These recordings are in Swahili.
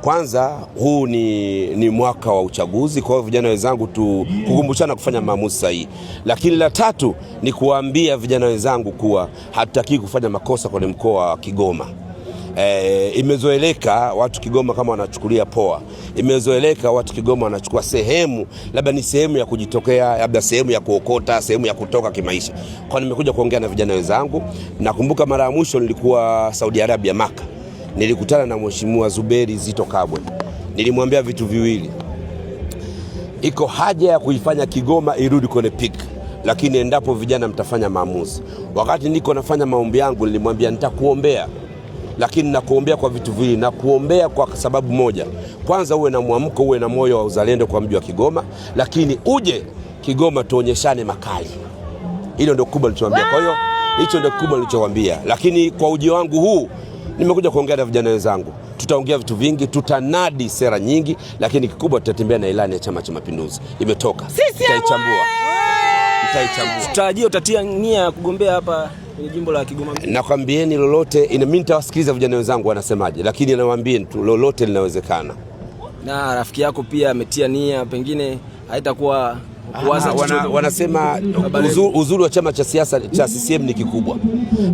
Kwanza huu ni, ni mwaka wa uchaguzi, kwa hiyo vijana wenzangu tu kukumbushana kufanya maamuzi sahihi, lakini la tatu ni kuwaambia vijana wenzangu kuwa hatutaki kufanya makosa kwenye mkoa wa Kigoma. E, imezoeleka watu Kigoma kama wanachukulia poa, imezoeleka watu Kigoma wanachukua sehemu, labda ni sehemu ya kujitokea, labda sehemu ya kuokota, sehemu ya kutoka kimaisha. Kwa nimekuja kuongea na vijana wenzangu. Nakumbuka mara ya mwisho nilikuwa Saudi Arabia, Maka nilikutana na Mheshimiwa Zuberi Zito Kabwe, nilimwambia vitu viwili, iko haja ya kuifanya Kigoma irudi kwenye peak lakini endapo vijana mtafanya maamuzi. Wakati niko nafanya maombi yangu, nilimwambia nitakuombea, lakini nakuombea kwa vitu viwili. Nakuombea kwa sababu moja, kwanza uwe na mwamko, uwe na moyo wa uzalendo kwa mji wa Kigoma, lakini uje Kigoma tuonyeshane makali. Hilo ndio kubwa nilichomwambia. Kwa hiyo hicho ndio kubwa nilichowambia, lakini kwa ujio wangu huu nimekuja kuongea na vijana wenzangu, tutaongea vitu vingi, tutanadi sera nyingi, lakini kikubwa tutatembea na ilani ya Chama cha Mapinduzi. Imetoka, tutaichambua, tutaichambua. Tutarajia utatia nia ya kugombea hapa kwenye jimbo la Kigoma. Nakwambieni lolote, mimi nitawasikiliza vijana wenzangu wanasemaje, lakini nawaambieni tu lolote linawezekana. Na rafiki yako pia ametia nia, pengine haitakuwa Wana, wana, wanasema uzuri, uzuri wa chama cha siasa cha CCM ni kikubwa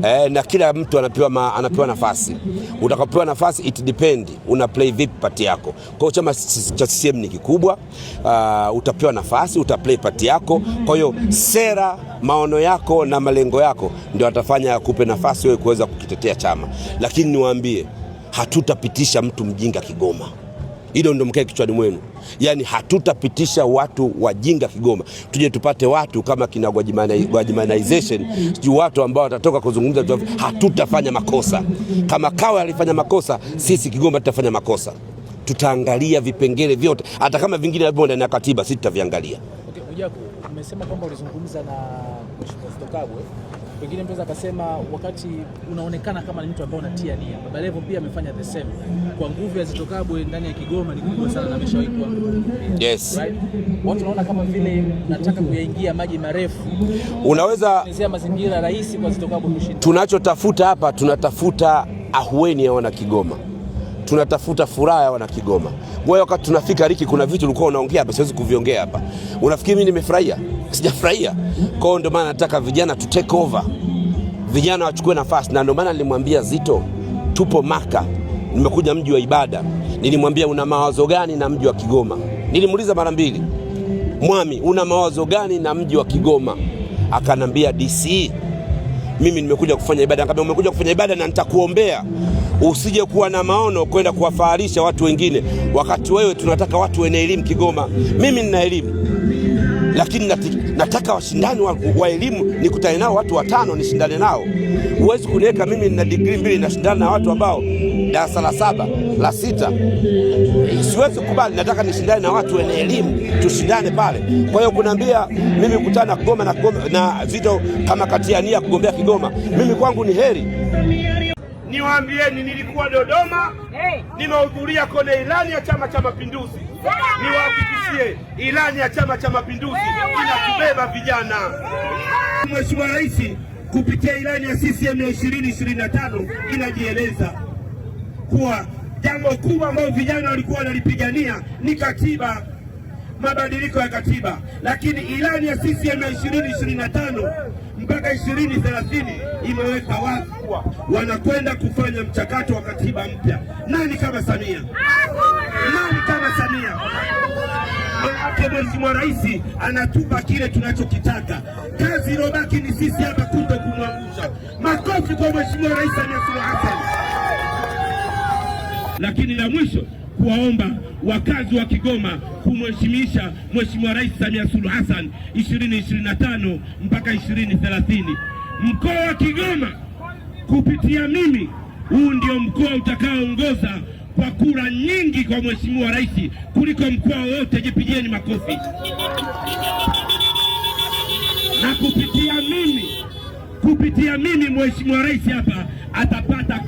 e, na kila mtu anapewa, ma, anapewa nafasi. Utakapewa nafasi it depend una play vipi pati yako. Kwa hiyo chama cha CCM ni kikubwa uh, utapewa nafasi uta play pati yako. Kwa hiyo sera, maono yako na malengo yako ndio atafanya akupe nafasi wewe kuweza kukitetea chama, lakini niwaambie hatutapitisha mtu mjinga Kigoma. Hilo ndio mkae kichwani mwenu, yaani hatutapitisha watu wajinga Kigoma tuje tupate watu kama kina Gwajimanization, sijui watu ambao watatoka kuzungumza. Hatutafanya makosa kama Kawe alifanya makosa, sisi Kigoma tutafanya makosa. Tutaangalia vipengele vyote, hata kama vingine vipo ndani ya katiba, sisi tutaviangalia. Okay, umesema kwamba ulizungumza na Mheshimiwa Zitto pengine mtu akasema wakati unaonekana kama ni mtu ambaye unatia nia. Baba Levo pia amefanya the same kwa nguvu ya zitokabwe ndani ya Kigoma ni kubwa sana, na ameshawahi kuwa yes, right? Watu unaona kama vile nataka kuyaingia maji marefu, unaweza kuelezea mazingira rahisi kwa zitokabwe kushinda. Tunachotafuta hapa tunatafuta ahueni ya wana Kigoma tunatafuta furaha ya wana Kigoma. Wewe wakati tunafika Riki, kuna vitu ulikuwa unaongea hapa, siwezi kuviongea hapa. Unafikiri mimi nimefurahia? Sijafurahia. Kwa hiyo ndio maana nataka vijana tu take over, vijana wachukue nafasi, na ndio maana nilimwambia Zito, tupo Maka, nimekuja mji wa ibada. Nilimwambia una mawazo gani na mji wa Kigoma? Nilimuuliza mara mbili, Mwami, una mawazo gani na mji wa Kigoma? Akanambia DC mimi nimekuja kufanya ibada. Kama umekuja kufanya ibada na nitakuombea, usije kuwa na maono kwenda kuwafaharisha watu wengine, wakati wewe tunataka watu wenye elimu Kigoma. Mimi nina elimu lakini nati, nataka washindani wa, wa elimu nikutane nao watu watano nishindane nao. Huwezi kuniweka mimi nina digrii mbili nashindana na watu ambao darasa la saba la sita, eh, siwezi kubali. Nataka nishindane na watu wenye elimu, tushindane pale. Kwa hiyo kunaambia mimi kutana Kigoma na, na Zitto kama katia nia kugombea Kigoma, mimi kwangu ni heri. Niwaambieni, nilikuwa Dodoma, nimehudhuria kone ilani ya Chama cha Mapinduzi. Niwahakikishie, ilani ya Chama cha Mapinduzi inakubeba vijana. Mheshimiwa Rais kupitia ilani ya CCM ya 2025 inajieleza kuwa jambo kubwa ambalo vijana walikuwa wanalipigania ni katiba, mabadiliko ya katiba, lakini ilani ya CCM ya ishirini ishirini na tano mpaka ishirini thelathini imeweka wazi wanakwenda kufanya mchakato wa katiba mpya. Nani kama Samia? Nani kama Samia? Manake Mheshimiwa Rais anatupa kile tunachokitaka. Kazi iliyobaki ni sisi hapa kuto kumwangusha. Makofi kwa Mheshimiwa Rais Samia Suluhu Hassan. Lakini la mwisho kuwaomba wakazi wa Kigoma kumheshimisha Mheshimiwa Rais Samia Suluhu Hassan 2025 mpaka 2030. Mkoa wa Kigoma kupitia mimi, huu ndio mkoa utakaoongoza kwa kura nyingi kwa Mheshimiwa Rais kuliko mkoa wote. Jipigieni makofi. Na kupitia mimi, kupitia mimi Mheshimiwa Rais hapa atapata